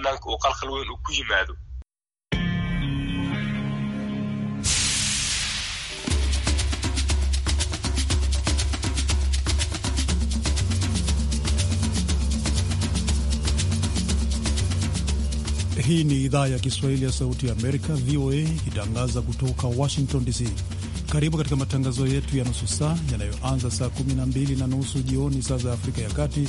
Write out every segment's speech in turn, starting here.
dhadhanka uu qalqal weyn uu ku yimaado. Hii ni idhaa ya Kiswahili ya Sauti ya Amerika, VOA, ikitangaza kutoka Washington DC. Karibu katika matangazo yetu ya nusu saa yanayoanza saa 12 na nusu jioni saa za Afrika ya Kati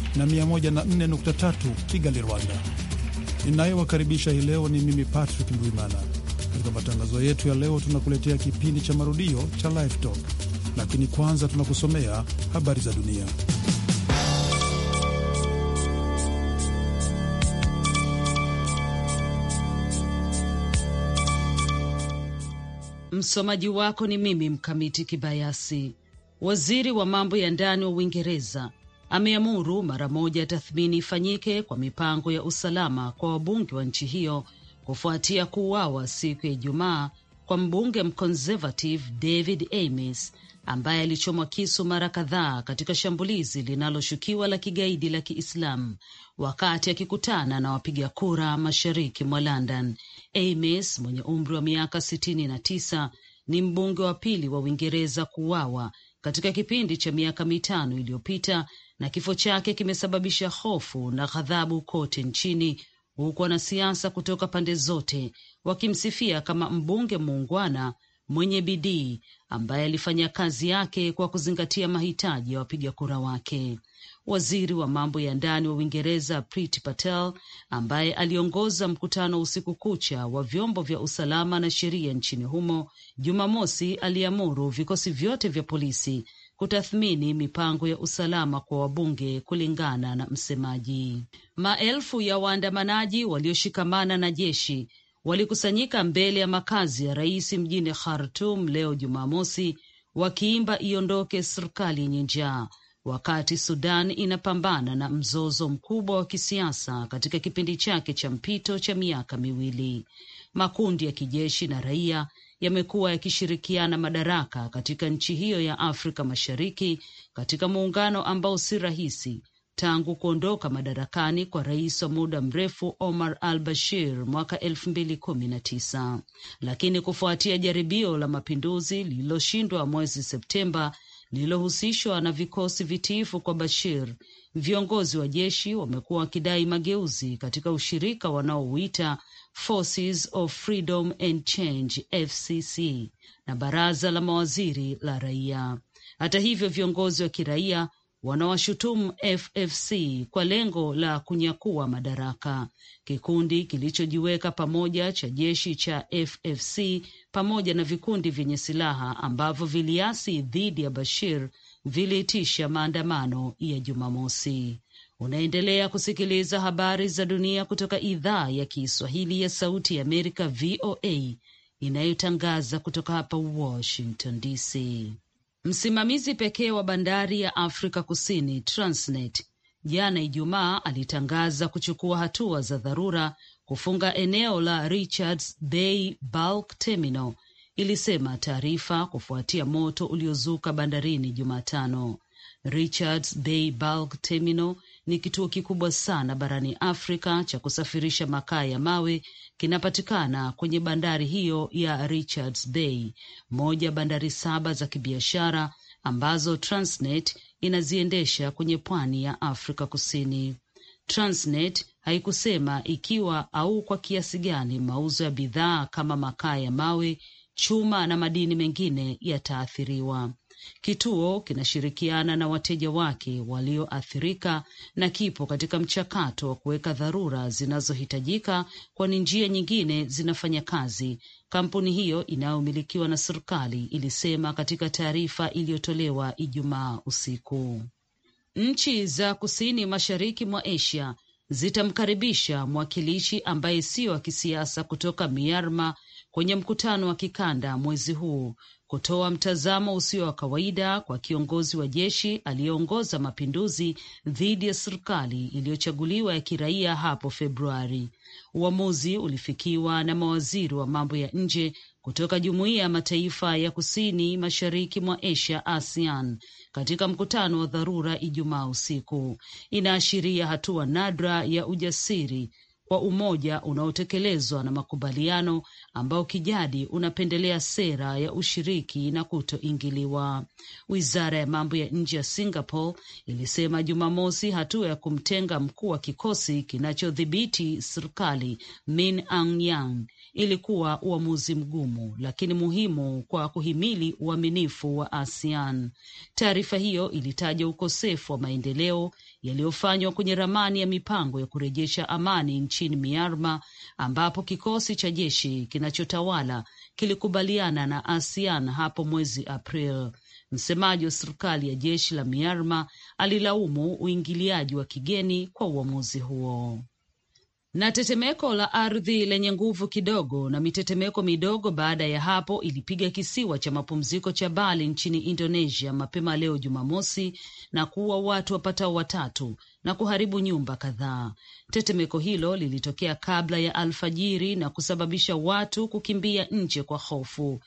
na 104.3 Kigali, Rwanda. Ninayewakaribisha hii leo ni mimi Patrick Ndwimana. Katika matangazo yetu ya leo, tunakuletea kipindi cha marudio cha Live Talk, lakini kwanza tunakusomea habari za dunia. Msomaji wako ni mimi Mkamiti Kibayasi. Waziri wa mambo ya ndani wa Uingereza ameamuru mara moja tathmini ifanyike kwa mipango ya usalama kwa wabunge wa nchi hiyo kufuatia kuuawa siku ya Ijumaa kwa mbunge mconservative David Ames ambaye alichomwa kisu mara kadhaa katika shambulizi linaloshukiwa la kigaidi la Kiislamu wakati akikutana na wapiga kura mashariki mwa London. Ames mwenye umri wa miaka sitini na tisa ni mbunge wa pili wa Uingereza kuuawa katika kipindi cha miaka mitano iliyopita, na kifo chake kimesababisha hofu na ghadhabu kote nchini, huku wanasiasa kutoka pande zote wakimsifia kama mbunge muungwana mwenye bidii ambaye alifanya kazi yake kwa kuzingatia mahitaji ya wapiga kura wake. Waziri wa mambo ya ndani wa Uingereza prit Patel, ambaye aliongoza mkutano usiku kucha wa vyombo vya usalama na sheria nchini humo, Jumamosi aliamuru vikosi vyote vya polisi kutathmini mipango ya usalama kwa wabunge. Kulingana na msemaji, maelfu ya waandamanaji walioshikamana na jeshi walikusanyika mbele ya makazi ya rais mjini Khartum leo Jumamosi, wakiimba iondoke serikali yenye njaa wakati Sudan inapambana na mzozo mkubwa wa kisiasa katika kipindi chake cha mpito cha miaka miwili. Makundi ya kijeshi na raia yamekuwa yakishirikiana madaraka katika nchi hiyo ya Afrika Mashariki katika muungano ambao si rahisi tangu kuondoka madarakani kwa rais wa muda mrefu Omar al Bashir mwaka elfu mbili kumi na tisa, lakini kufuatia jaribio la mapinduzi lililoshindwa mwezi Septemba lililohusishwa na vikosi vitiifu kwa Bashir. Viongozi wa jeshi wamekuwa wakidai mageuzi katika ushirika wanaouita Forces of Freedom and Change FCC na baraza la mawaziri la raia. Hata hivyo, viongozi wa kiraia wanawashutumu FFC kwa lengo la kunyakua madaraka. Kikundi kilichojiweka pamoja cha jeshi cha FFC pamoja na vikundi vyenye silaha ambavyo viliasi dhidi ya Bashir viliitisha maandamano ya Jumamosi. Unaendelea kusikiliza habari za dunia kutoka idhaa ya Kiswahili ya Sauti ya Amerika, VOA, inayotangaza kutoka hapa Washington DC. Msimamizi pekee wa bandari ya Afrika Kusini, Transnet, jana Ijumaa alitangaza kuchukua hatua za dharura kufunga eneo la Richards Bay Bulk Terminal, ilisema taarifa, kufuatia moto uliozuka bandarini Jumatano. Richards Bay Bulk Terminal ni kituo kikubwa sana barani Afrika cha kusafirisha makaa ya mawe kinapatikana kwenye bandari hiyo ya Richards Bay, moja bandari saba za kibiashara ambazo Transnet inaziendesha kwenye pwani ya Afrika Kusini. Transnet haikusema ikiwa au kwa kiasi gani mauzo ya bidhaa kama makaa ya mawe, chuma na madini mengine yataathiriwa. Kituo kinashirikiana na wateja wake walioathirika na kipo katika mchakato wa kuweka dharura zinazohitajika, kwani njia nyingine zinafanya kazi, kampuni hiyo inayomilikiwa na serikali ilisema katika taarifa iliyotolewa Ijumaa usiku. Nchi za kusini mashariki mwa Asia zitamkaribisha mwakilishi ambaye sio wa kisiasa kutoka Myanmar kwenye mkutano wa kikanda mwezi huu kutoa mtazamo usio wa kawaida kwa kiongozi wa jeshi aliyeongoza mapinduzi dhidi ya serikali iliyochaguliwa ya kiraia hapo Februari. Uamuzi ulifikiwa na mawaziri wa mambo ya nje kutoka Jumuiya ya Mataifa ya Kusini Mashariki mwa Asia ASEAN katika mkutano wa dharura Ijumaa usiku. Inaashiria hatua nadra ya ujasiri wa umoja unaotekelezwa na makubaliano ambao kijadi unapendelea sera ya ushiriki na kutoingiliwa. Wizara ya mambo ya nje ya Singapore ilisema Jumamosi hatua ya kumtenga mkuu wa kikosi kinachodhibiti serikali Min Aung Yang ilikuwa uamuzi mgumu lakini muhimu kwa kuhimili uaminifu wa ASEAN. Taarifa hiyo ilitaja ukosefu wa maendeleo yaliyofanywa kwenye ramani ya mipango ya kurejesha amani nchini Myanmar, ambapo kikosi cha jeshi kinachotawala kilikubaliana na ASEAN hapo mwezi April. Msemaji wa serikali ya jeshi la Myanmar alilaumu uingiliaji wa kigeni kwa uamuzi huo na tetemeko la ardhi lenye nguvu kidogo na mitetemeko midogo baada ya hapo ilipiga kisiwa cha mapumziko cha Bali nchini Indonesia mapema leo Jumamosi na kuua watu wapatao watatu na kuharibu nyumba kadhaa. Tetemeko hilo lilitokea kabla ya alfajiri na kusababisha watu kukimbia nje kwa hofu.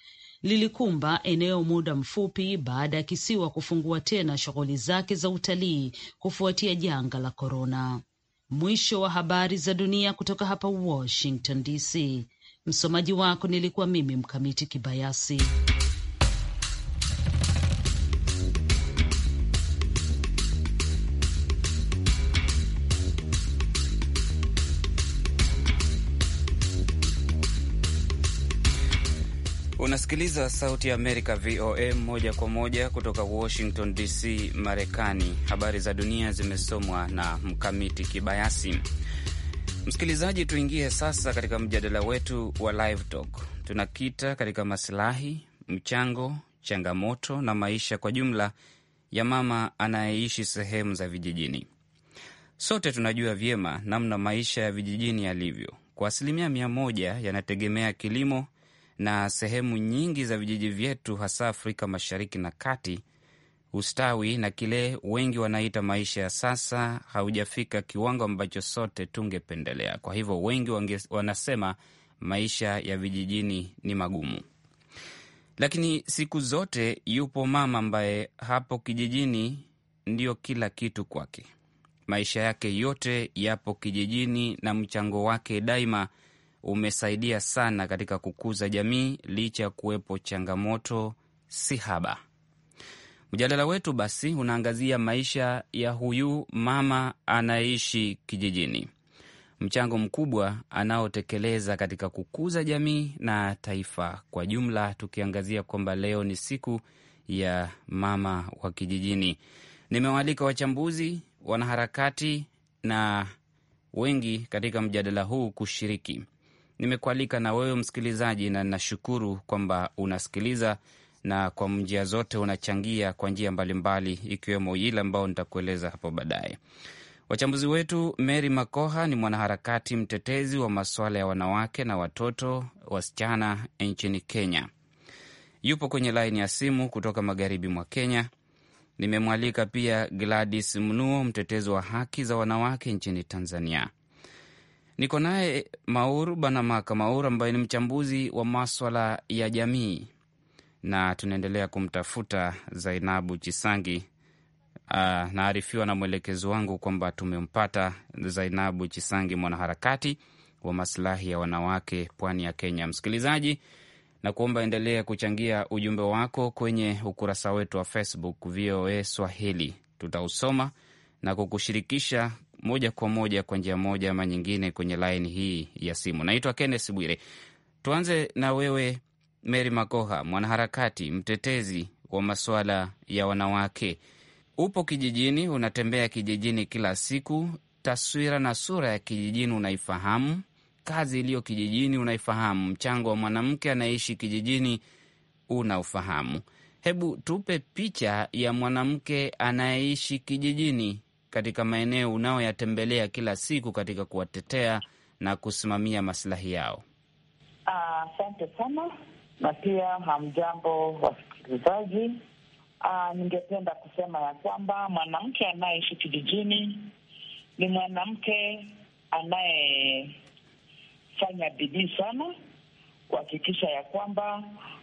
Lilikumba eneo muda mfupi baada ya kisiwa kufungua tena shughuli zake za utalii kufuatia janga la korona. Mwisho wa habari za dunia kutoka hapa Washington DC. Msomaji wako nilikuwa mimi Mkamiti Kibayasi. Unasikiliza Sauti ya Amerika, VOA, moja kwa moja kutoka Washington DC, Marekani. Habari za dunia zimesomwa na Mkamiti Kibayasi. Msikilizaji, tuingie sasa katika mjadala wetu wa Live Talk. Tunakita katika masilahi, mchango, changamoto na maisha kwa jumla ya mama anayeishi sehemu za vijijini. Sote tunajua vyema namna maisha ya vijijini yalivyo. Kwa asilimia mia moja yanategemea kilimo na sehemu nyingi za vijiji vyetu, hasa Afrika Mashariki na Kati, ustawi na kile wengi wanaita maisha ya sasa haujafika kiwango ambacho sote tungependelea. Kwa hivyo wengi wange, wanasema maisha ya vijijini ni magumu, lakini siku zote yupo mama ambaye hapo kijijini ndiyo kila kitu kwake. Maisha yake yote yapo kijijini na mchango wake daima umesaidia sana katika kukuza jamii licha ya kuwepo changamoto si haba. Mjadala wetu basi unaangazia maisha ya huyu mama anayeishi kijijini, mchango mkubwa anaotekeleza katika kukuza jamii na taifa kwa jumla, tukiangazia kwamba leo ni siku ya mama wa kijijini. Nimewaalika wachambuzi, wanaharakati na wengi katika mjadala huu kushiriki nimekualika na wewe msikilizaji, na nashukuru kwamba unasikiliza na kwa njia zote unachangia kwa njia mbalimbali, ikiwemo ile ambayo nitakueleza hapo baadaye. Wachambuzi wetu, Mary Makoha ni mwanaharakati mtetezi wa masuala ya wanawake na watoto wasichana nchini Kenya, yupo kwenye laini ya simu kutoka magharibi mwa Kenya. Nimemwalika pia Gladys Mnuo, mtetezi wa haki za wanawake nchini Tanzania. Niko naye Maur Banamaka Maur ambaye ni mchambuzi wa maswala ya jamii, na tunaendelea kumtafuta Zainabu Chisangi. Uh, naarifiwa na mwelekezi wangu kwamba tumempata Zainabu Chisangi, mwanaharakati wa masilahi ya wanawake pwani ya Kenya. Msikilizaji, na kuomba endelea kuchangia ujumbe wako kwenye ukurasa wetu wa Facebook VOA Swahili, tutausoma na kukushirikisha moja kwa moja kwa njia moja ama nyingine kwenye laini hii ya simu. Naitwa Kenneth Bwire. Tuanze na wewe Mary Makoha, mwanaharakati mtetezi wa masuala ya wanawake. Upo kijijini, unatembea kijijini kila siku, taswira na sura ya kijijini unaifahamu, kazi iliyo kijijini unaifahamu, mchango wa mwanamke anayeishi kijijini unaufahamu. Hebu tupe picha ya mwanamke anayeishi kijijini katika maeneo unaoyatembelea kila siku katika kuwatetea na kusimamia masilahi yao? Asante uh, sana na pia hamjambo wasikilizaji. Uh, ningependa kusema ya kwamba mwanamke anayeishi kijijini ni mwanamke anayefanya bidii sana kuhakikisha ya kwamba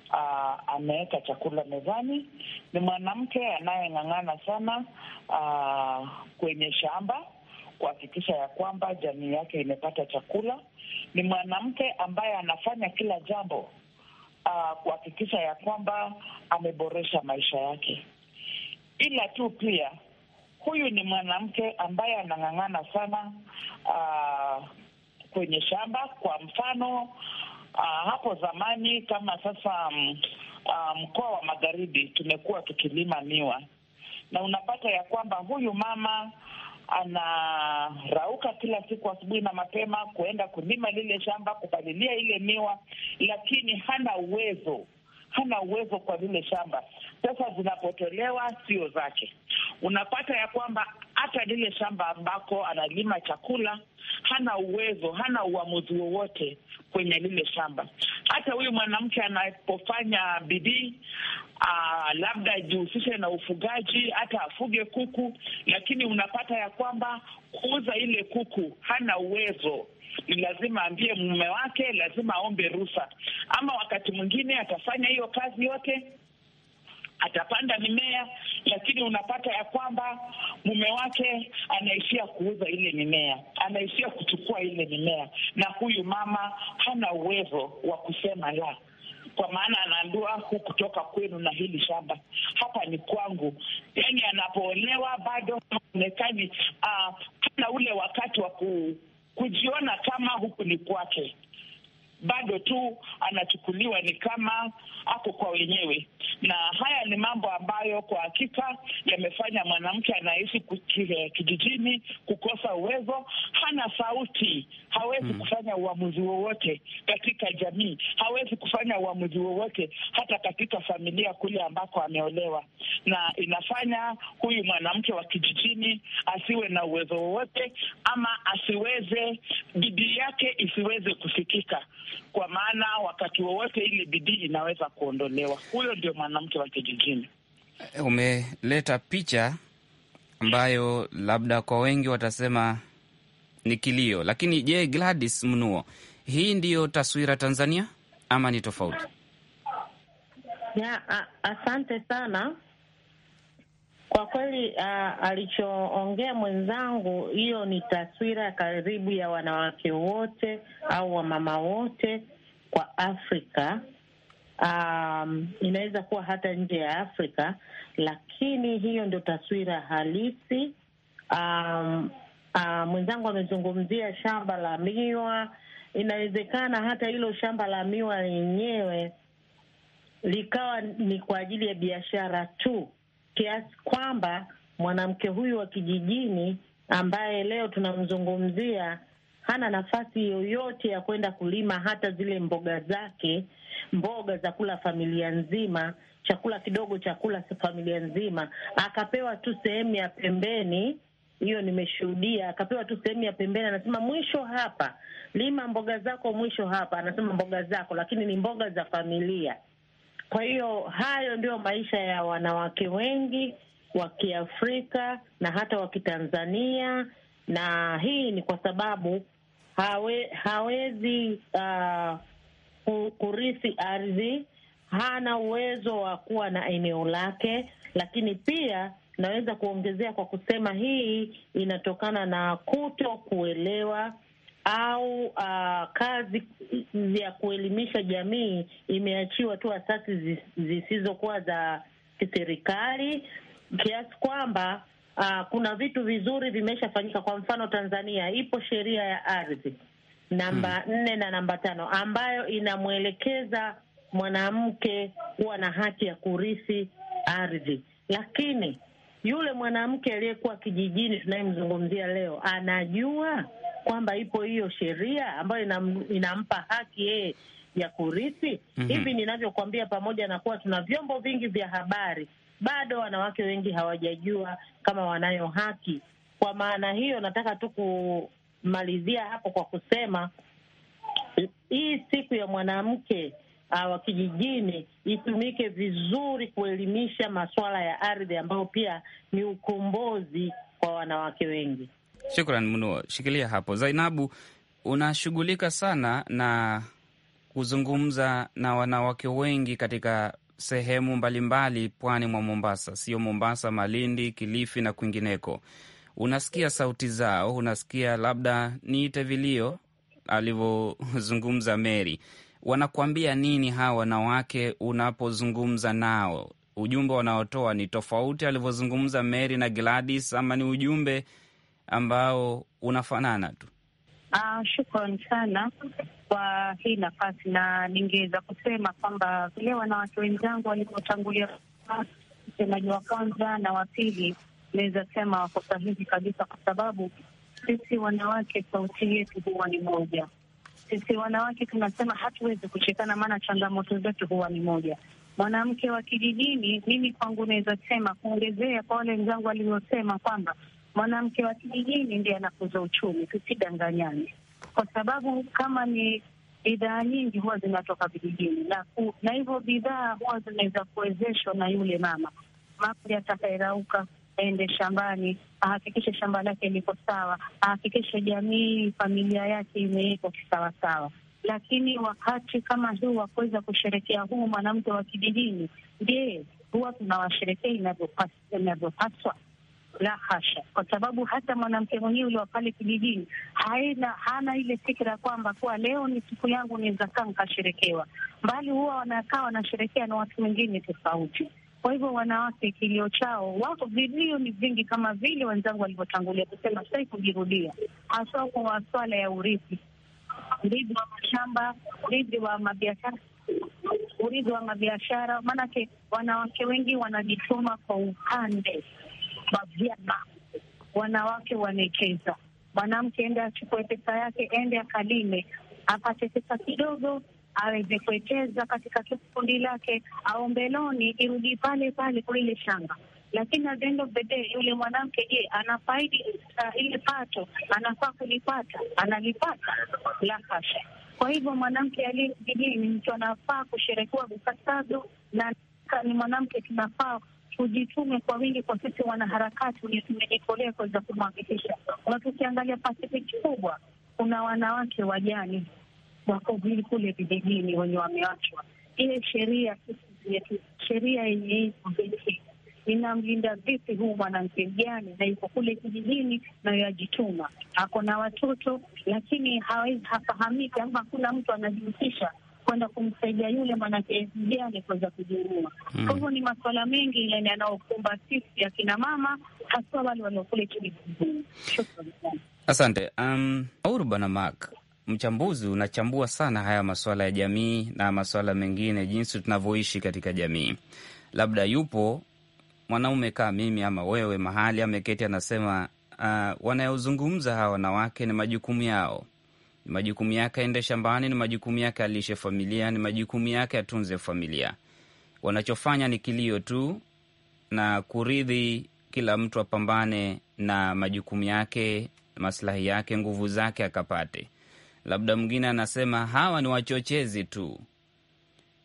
uh, ameweka chakula mezani. Ni mwanamke anayeng'ang'ana sana uh, kwenye shamba kuhakikisha ya kwamba jamii yake imepata chakula. Ni mwanamke ambaye anafanya kila jambo uh, kuhakikisha ya kwamba ameboresha maisha yake, ila tu pia huyu ni mwanamke ambaye anang'ang'ana sana uh, kwenye shamba. Kwa mfano uh, hapo zamani kama sasa mkoa um, uh, mkoa wa magharibi tumekuwa tukilima miwa na unapata ya kwamba huyu mama anarauka kila siku asubuhi na mapema kuenda kulima lile shamba, kupalilia ile miwa, lakini hana uwezo hana uwezo kwa lile shamba. Pesa zinapotolewa sio zake. Unapata ya kwamba hata lile shamba ambako analima chakula hana uwezo, hana uamuzi wowote kwenye lile shamba hata huyu mwanamke anapofanya bidii Uh, labda ajihusishe na ufugaji hata afuge kuku, lakini unapata ya kwamba kuuza ile kuku hana uwezo. Ni lazima aambie mume wake, lazima aombe ruhusa, ama wakati mwingine atafanya hiyo kazi yote atapanda mimea, lakini unapata ya kwamba mume wake anaishia kuuza ile mimea, anaishia kuchukua ile mimea, na huyu mama hana uwezo wa kusema la kwa maana anaambiwa kutoka kwenu na hili shamba, hapa ni kwangu. Yani anapoolewa bado haonekani, uh, hana ule wakati wa ku, kujiona kama huku ni kwake bado tu anachukuliwa ni kama ako kwa wenyewe, na haya ni mambo ambayo kwa hakika yamefanya mwanamke anaishi eh, kijijini kukosa uwezo hana sauti, hawezi mm, kufanya uamuzi wowote katika jamii, hawezi kufanya uamuzi wowote hata katika familia kule ambako ameolewa, na inafanya huyu mwanamke wa kijijini asiwe na uwezo wowote ama asiweze, bidii yake isiweze kufikika, kwa maana wakati wowote ile bidii inaweza kuondolewa. Huyo ndio mwanamke wa kijijini. Umeleta picha ambayo labda kwa wengi watasema ni kilio. Lakini je, Gladys Mnuo, hii ndiyo taswira Tanzania ama ni tofauti? Yeah, asante sana kwa kweli. Alichoongea mwenzangu, hiyo ni taswira karibu ya wanawake wote au wamama wote kwa Afrika. Um, inaweza kuwa hata nje ya Afrika, lakini hiyo ndio taswira halisi um, Uh, mwenzangu amezungumzia shamba la miwa. Inawezekana hata hilo shamba la miwa lenyewe likawa ni kwa ajili ya biashara tu, kiasi kwamba mwanamke huyu wa kijijini ambaye leo tunamzungumzia hana nafasi yoyote ya kwenda kulima hata zile mboga zake, mboga za kula familia nzima, chakula kidogo chakula familia nzima, akapewa tu sehemu ya pembeni hiyo nimeshuhudia. Akapewa tu sehemu ya pembeni, anasema mwisho hapa, lima mboga zako mwisho hapa, anasema mboga zako, lakini ni mboga za familia. Kwa hiyo hayo ndiyo maisha ya wanawake wengi wa Kiafrika na hata wa Kitanzania, na hii ni kwa sababu hawe, hawezi uh, kurithi ardhi, hana uwezo wa kuwa na eneo lake, lakini pia Naweza kuongezea kwa kusema hii inatokana na kuto kuelewa au uh, kazi ya kuelimisha jamii imeachiwa tu asasi zisizokuwa za kiserikali, kiasi kwamba uh, kuna vitu vizuri vimeshafanyika. Kwa mfano, Tanzania ipo sheria ya ardhi namba hmm. nne hmm, na namba tano ambayo inamwelekeza mwanamke kuwa na haki ya kurithi ardhi, lakini yule mwanamke aliyekuwa kijijini tunayemzungumzia leo anajua kwamba ipo hiyo sheria ambayo inam, inampa haki yeye ya kurithi. mm hivi -hmm. pamoja na kuwa tuna vyombo vingi vya habari, bado wanawake wengi hawajajua kama wanayo haki. Kwa maana hiyo, nataka tu kumalizia hapo kwa kusema hii siku ya mwanamke Uh, wa kijijini itumike vizuri kuelimisha masuala ya ardhi ambayo pia ni ukombozi kwa wanawake wengi. Shukran mno, shikilia hapo. Zainabu, unashughulika sana na kuzungumza na wanawake wengi katika sehemu mbalimbali pwani mwa Mombasa, sio Mombasa, Malindi, Kilifi na kwingineko. Unasikia sauti zao, unasikia labda niite vilio alivyozungumza Meri wanakuambia nini hawa wanawake unapozungumza nao? Ujumbe wanaotoa ni tofauti alivyozungumza Mary na Gladys, ama ni ujumbe ambao unafanana tu? Ah, shukran sana kwa hii nafasi, na ningeweza kusema kwamba vile wanawake wenzangu walivyotangulia msemaji wa kwanza na wa pili, naweza sema wako sahihi kabisa, kwa sababu sisi wanawake sauti yetu huwa ni moja sisi wanawake tunasema hatuwezi kushikana, maana changamoto zetu huwa ni moja. Mwanamke wa kijijini, mimi kwangu naweza sema kuongezea kwa wale wenzangu waliosema kwamba mwanamke wa kijijini ndiye anakuza uchumi, tusidanganyane, kwa sababu kama ni bidhaa nyingi huwa zinatoka vijijini na, na hivyo bidhaa huwa zinaweza kuwezeshwa na yule mama mapya atakayerauka aende shambani, ahakikishe shamba lake liko sawa, ahakikishe jamii, familia yake imewekwa kisawasawa. Lakini wakati kama huu wa kuweza kusherekea huu mwanamke wa kijijini, je, huwa tunawasherekea inavyopaswa? La hasha, kwa sababu hata mwanamke mwenyewe uliwa pale kijijini haina hana ile fikira kwamba kuwa leo ni siku yangu, niweza kaa nkasherekewa, mbali huwa wanakaa wanasherekea na watu wengine tofauti. Kwa hivyo wanawake, kilio chao, wako vilio ni vingi, kama vile wenzangu walivyotangulia kusema, sitaki kujirudia, haswa kwa maswala ya urithi, urithi wa mashamba, urithi wa mabiashara urithi wa mabiashara. Maanake wanawake wengi wanajituma kwa upande wa vyama, wanawake wanekeza, mwanamke ende achukue pesa yake, ende akalime, apate pesa kidogo, aweze kuwekeza katika kundi lake, aombe loni irudi pale pale kwa ile shanga lakini at the end of the day yule mwanamke, je, anafaidi uh, ile pato anafaa kulipata analipata? La hasha. Kwa hivyo mwanamke aliye kijijini ni mtu anafaa kusherekewa vipasavyo, na ni mwanamke tunafaa tujitume kwa wingi, kwa sisi wanaharakati wenye tumejitolea kuweza kumwakikisha. Na tukiangalia Pasifiki kubwa, kuna wanawake wajani wako wafadhili kule vijijini wenye wamewachwa. Ile sheria sheria yenye iko inamlinda vipi huu mwanamke mjane na yuko kule kijijini na yajituma, ako na watoto lakini hawezi hafahamiki, ama hakuna mtu anajihusisha kwenda kumsaidia yule mwanamke mjane kuweza Mm. Kwa hivyo ni masuala mengi yani yanaokumba sisi akina mama, haswa wale waliokule chini kijijini. Asante um, Auru Bwana Mark mchambuzi unachambua sana haya masuala ya jamii na masuala mengine, jinsi tunavyoishi katika jamii. Labda yupo mwanaume kaa mimi ama wewe mahali ameketi, anasema uh, ah, wanayozungumza hawa wanawake ni majukumu yao, ni majukumu yake aende shambani, ni majukumu yake alishe familia, ni majukumu yake atunze familia. Wanachofanya ni kilio tu na kuridhi, kila mtu apambane na majukumu yake, maslahi yake, nguvu zake akapate Labda mwingine anasema hawa ni wachochezi tu.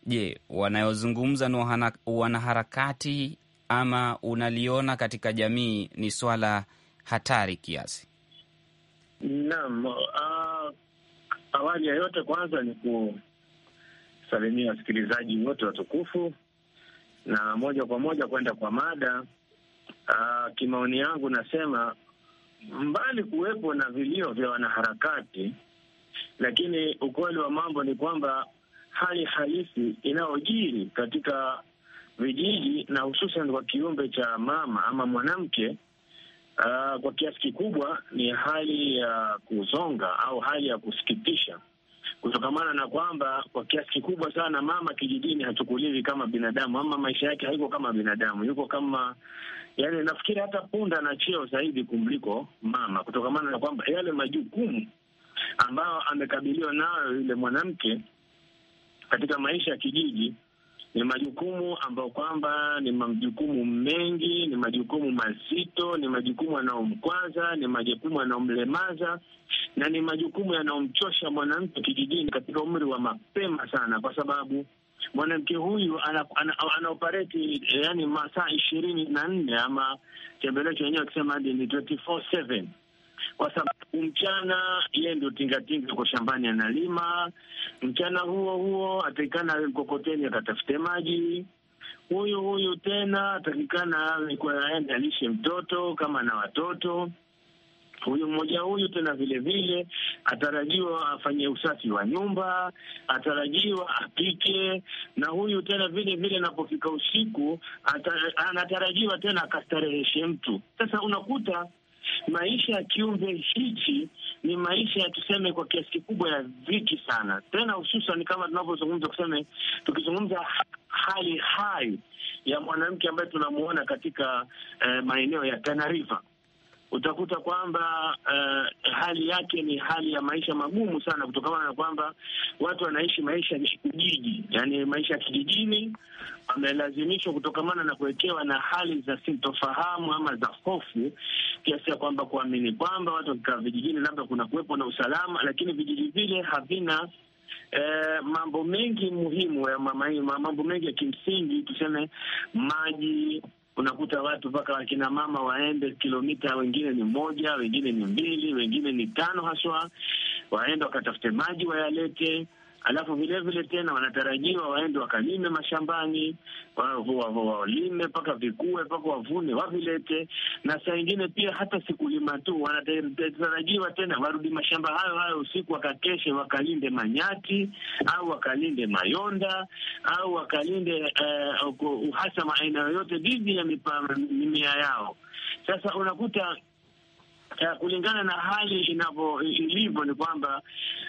Je, wanayozungumza ni wanaharakati ama unaliona katika jamii ni swala hatari kiasi? Naam, uh, awali ya yote kwanza ni kusalimia wasikilizaji wote watukufu na moja kwa moja kwenda kwa mada. Uh, kimaoni yangu nasema mbali kuwepo na vilio vya wanaharakati lakini ukweli wa mambo ni kwamba hali halisi inayojiri katika vijiji na hususan kwa kiumbe cha mama ama mwanamke Uh, kwa kiasi kikubwa ni hali ya uh, kuzonga au hali ya kusikitisha, kutokamana na kwamba kwa kiasi kikubwa sana mama kijijini hachukuliwi kama binadamu, ama maisha yake haiko kama binadamu, yuko kama yani, nafikiri hata punda na cheo zaidi kumliko mama, kutokamana na kwamba yale majukumu ambao amekabiliwa nayo yule mwanamke katika maisha ya kijiji ni majukumu ambayo kwamba ni majukumu mengi, ni majukumu mazito, ni majukumu yanayomkwaza, ni majukumu yanayomlemaza na ni majukumu yanayomchosha mwanamke kijijini katika umri wa mapema sana, kwa sababu mwanamke huyu anaopareti ana, ana yani masaa ishirini na nne ama tembelecho wenyewe akisema hadi ni 24/7 kwa sababu mchana yeye ndio tingatinga kwa shambani analima, mchana huo huo atakikana mkokoteni akatafute maji huyu huyu tena atakikana aende alishe mtoto kama na watoto huyu mmoja huyu tena vile vile atarajiwa afanye usafi wa nyumba, atarajiwa apike, na huyu tena vile vile anapofika usiku anatarajiwa tena akastareheshe mtu. Sasa unakuta maisha ya kiumbe hichi ni maisha ya tuseme, kwa kiasi kikubwa ya dhiki sana, tena hususan kama tunavyozungumza kuseme, tukizungumza hali hai ya mwanamke ambaye tunamuona katika eh, maeneo ya Tana River utakuta kwamba uh, hali yake ni hali ya maisha magumu sana, kutokana na kwamba watu wanaishi maisha ya kijiji, yani maisha ya kijijini. Wamelazimishwa kutokamana na kuwekewa na hali za sintofahamu ama za hofu, kiasi ya kwamba kuamini kwamba watu wakikaa vijijini, labda kuna kuwepo na usalama, lakini vijiji vile havina Eh, mambo mengi muhimu ya mambo mengi ya kimsingi, tuseme maji, unakuta watu mpaka wakina mama waende kilomita, wengine ni moja, wengine ni mbili, wengine ni tano haswa, waende wakatafute maji wayalete alafu vilevile tena wanatarajiwa waende wakalime mashambani, walime mpaka vikue, mpaka wavune, wavilete. Na saa ingine pia hata sikulima tu, wanatarajiwa tena warudi mashamba hayo hayo usiku, wakakeshe, wakalinde manyati au wakalinde mayonda au wakalinde uh, eh, uhasama aina yoyote dhidi ya mimea yao. Sasa unakuta ya, eh, kulingana na hali inavyo ilivyo ni kwamba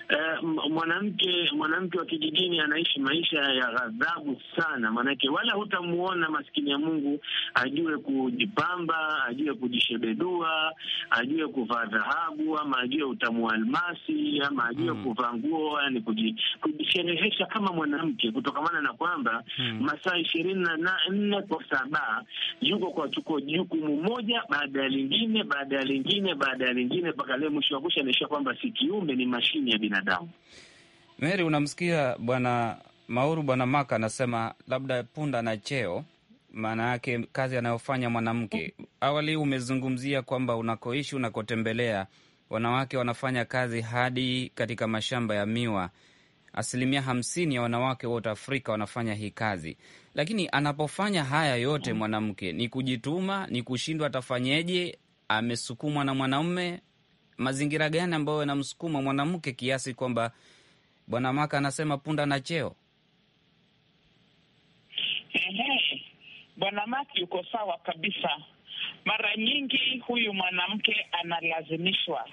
eh, mwanamke mwanamke wa kijijini anaishi maisha ya ghadhabu sana, maanake wala hutamuona maskini ya Mungu ajue kujipamba, ajue kujishebedua, ajue kuvaa dhahabu ama ajue utamu almasi ama ajue mm, kuvaa nguo, yani kujisherehesha kama mwanamke, kutokamana na kwamba mm, masaa ishirini na nne kwa saba yuko kwa chuko jukumu moja baada ya lingine baada ya lingine lingine baada ya lingine mpaka leo mwisho wa kusha anaishia kwamba si kiumbe, ni mashini ya binadamu. Meri, unamsikia bwana Mauru, bwana Maka anasema labda punda na cheo, maana yake kazi anayofanya mwanamke. Awali umezungumzia kwamba unakoishi, unakotembelea, wanawake wanafanya kazi hadi katika mashamba ya miwa. Asilimia hamsini ya wanawake wote Afrika wanafanya hii kazi, lakini anapofanya haya yote mwanamke, ni kujituma, ni kushindwa, atafanyeje? amesukumwa na mwanaume? Mazingira gani ambayo yanamsukuma mwanamke kiasi kwamba Bwana Maka anasema punda na cheo? Bwana Maki yuko sawa kabisa. Mara nyingi huyu mwanamke analazimishwa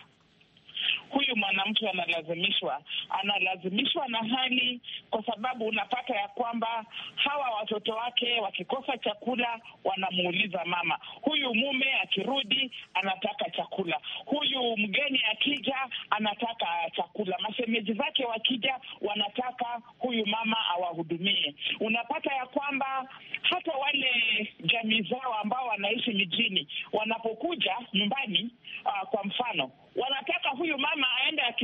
huyu mwanamke analazimishwa, analazimishwa na hali, kwa sababu unapata ya kwamba hawa watoto wake wakikosa chakula wanamuuliza mama. Huyu mume akirudi anataka chakula, huyu mgeni akija anataka chakula, mashemeji zake wakija wanataka huyu mama awahudumie. Unapata ya kwamba hata wale jamii zao ambao wanaishi mijini wanapokuja nyumbani, uh, kwa mfano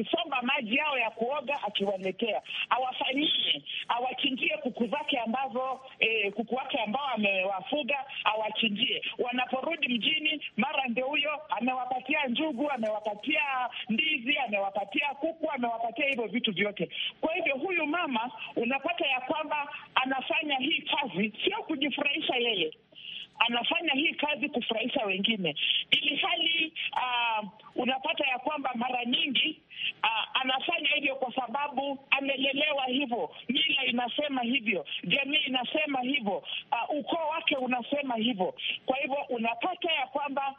akisomba maji yao ya kuoga akiwaletea, awafanyie awachinjie kuku zake ambazo e, eh, kuku wake ambao amewafuga awachinjie. Wanaporudi mjini, mara ndio huyo amewapatia njugu, amewapatia ndizi, amewapatia kuku, amewapatia hivyo vitu vyote. Kwa hivyo huyu mama unapata ya kwamba anafanya hii kazi sio kujifurahisha yeye anafanya hii kazi kufurahisha wengine, ili hali uh, ah, unapata ya kwamba mara nyingi Uh, anafanya hivyo kwa sababu amelelewa hivyo, mila inasema hivyo, jamii inasema hivyo, uh, ukoo wake unasema hivyo. Kwa hivyo unapata ya kwamba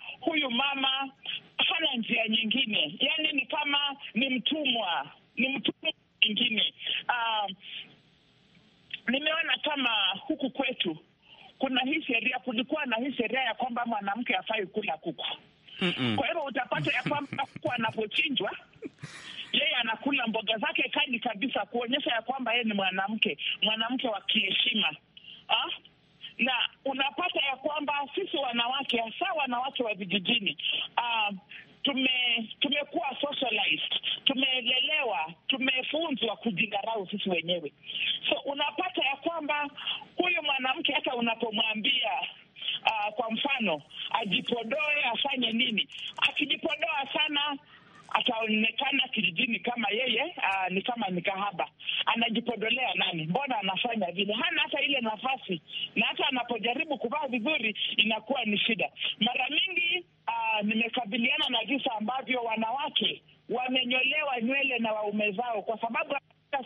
vizuri inakuwa ni shida. Mara mingi uh, nimekabiliana na visa ambavyo wanawake wamenyolewa nywele na waume zao kwa sababu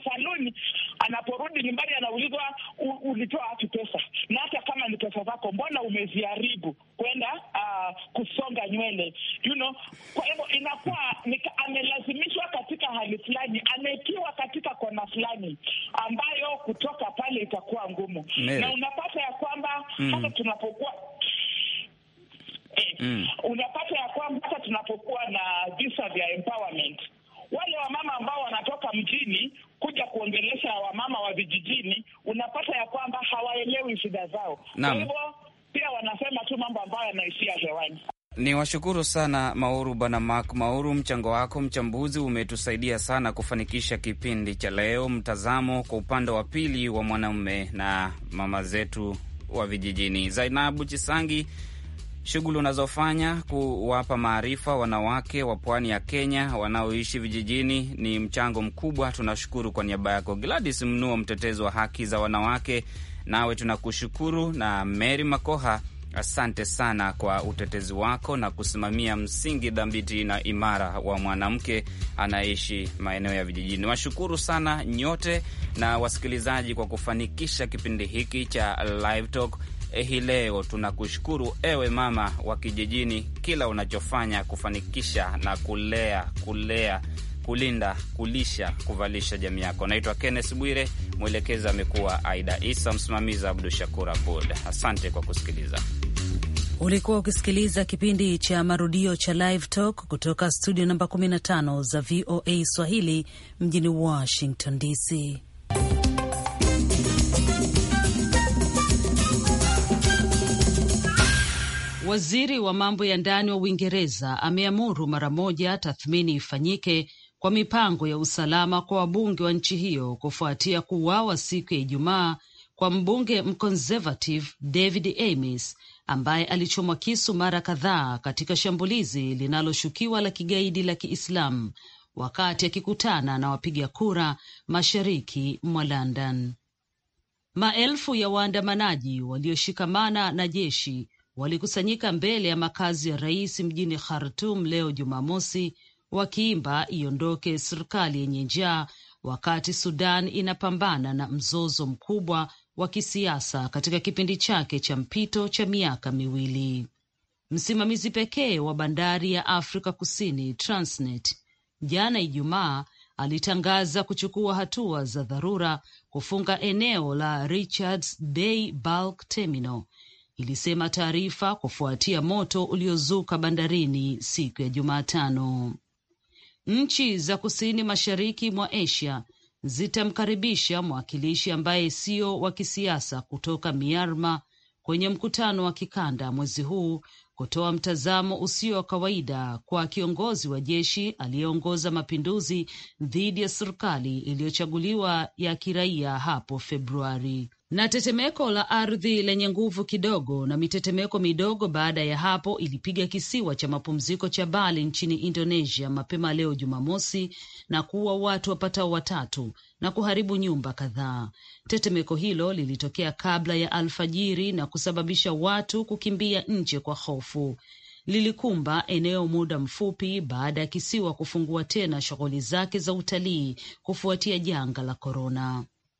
saluni anaporudi nyumbani anaulizwa, ulitoa wapi pesa? Na hata kama ni pesa zako, mbona umeziharibu? washukuru sana Mauru Bwana Mak Mauru, mchango wako mchambuzi umetusaidia sana kufanikisha kipindi cha leo, mtazamo kwa upande wa pili wa mwanaume na mama zetu wa vijijini. Zainabu Chisangi, shughuli unazofanya kuwapa maarifa wanawake wa pwani ya Kenya wanaoishi vijijini ni mchango mkubwa, tunashukuru kwa niaba yako. Gladys Mnuo, mtetezi wa haki za wanawake, nawe tunakushukuru na Mary Makoha Asante sana kwa utetezi wako na kusimamia msingi dhabiti na imara wa mwanamke anayeishi maeneo ya vijijini. Washukuru sana nyote na wasikilizaji kwa kufanikisha kipindi hiki cha Live Talk eh, hii leo. Tunakushukuru ewe mama wa kijijini, kila unachofanya kufanikisha na kulea kulea kulinda, kulisha, kuvalisha jamii yako. Naitwa Kenneth Bwire, mwelekezi amekuwa Aida Isa, msimamizi Abdu Shakur Abud. Asante kwa kusikiliza. Ulikuwa ukisikiliza kipindi cha marudio cha Live Talk kutoka studio namba 15 za VOA Swahili mjini Washington DC. Waziri wa mambo ya ndani wa Uingereza ameamuru mara moja tathmini ifanyike kwa mipango ya usalama kwa wabunge wa nchi hiyo kufuatia kuuawa siku ya Ijumaa kwa mbunge mconservative David Amis ambaye alichomwa kisu mara kadhaa katika shambulizi linaloshukiwa la kigaidi la Kiislamu wakati akikutana na wapiga kura mashariki mwa London. Maelfu ya waandamanaji walioshikamana na jeshi walikusanyika mbele ya makazi ya rais mjini Khartum leo Jumamosi wakiimba iondoke serikali yenye njaa, wakati Sudan inapambana na mzozo mkubwa wa kisiasa katika kipindi chake cha mpito cha miaka miwili. Msimamizi pekee wa bandari ya Afrika Kusini, Transnet, jana Ijumaa alitangaza kuchukua hatua za dharura kufunga eneo la Richards Bay Bulk Terminal, ilisema taarifa, kufuatia moto uliozuka bandarini siku ya Jumatano. Nchi za kusini mashariki mwa Asia zitamkaribisha mwakilishi ambaye sio wa kisiasa kutoka Myanmar kwenye mkutano wa kikanda mwezi huu kutoa mtazamo usio wa kawaida kwa kiongozi wa jeshi aliyeongoza mapinduzi dhidi ya serikali iliyochaguliwa ya kiraia hapo Februari na tetemeko la ardhi lenye nguvu kidogo na mitetemeko midogo baada ya hapo ilipiga kisiwa cha mapumziko cha Bali nchini Indonesia mapema leo Jumamosi na kuua watu wapatao watatu na kuharibu nyumba kadhaa. Tetemeko hilo lilitokea kabla ya alfajiri na kusababisha watu kukimbia nje kwa hofu. Lilikumba eneo muda mfupi baada ya kisiwa kufungua tena shughuli zake za utalii kufuatia janga la korona.